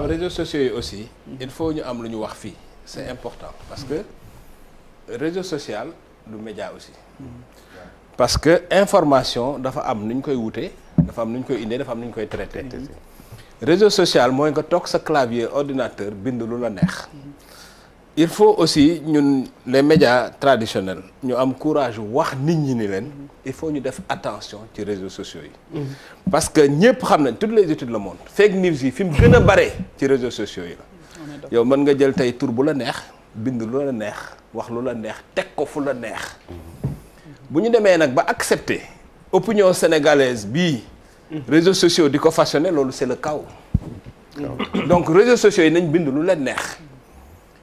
Les réseaux sociaux aussi il faut ñu am lu ñu wax c'est important parce que réseau social du média aussi parce que information dafa am nu ñu koy wutee dafa am nu ñu koy indee dafa am nu koy traité mm-hmm. réseau social mooy nga toog sa clavier ordinateur bind lu la neex il faut aussi ñun les médias traditionnels ñu am courage wax nit ñi ni il faut nous def attention ci réseaux sociaux mm-hmm. parce que ñepp xam nañ toutes les études le monde, fake news yi fi mu gën a ci réseaux sociaux yi la yow man nga jël tay tour bu la neex bind lu la neex wax lu la neex tek ko fu la neex mm-hmm. bu ñu démé nak ba accepter opinion sénégalaise bi mm-hmm. réseaux sociaux diko ko lolu c'est le chaos donc réseaux sociaux yi nañ bind lu la neex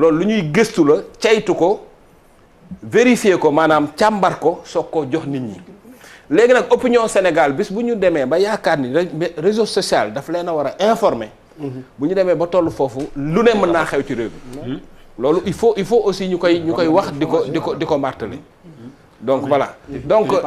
loolu lu ñuy gëstu la caytu ko vérifier ko maanaam càmbar ko soog koo jox nit ñi léegi nag opinion Sénégal bis bu ñu demee ba yaakaar ni réseau social daf leen a war a informer mhm. bu ñu demee ba toll foofu lu ne mën naa xew ci réew mi mhm. loolu il faut il faut aussi ñu koy ñu koy wax di ko di ko di ko martelé mhm. donc voilà donc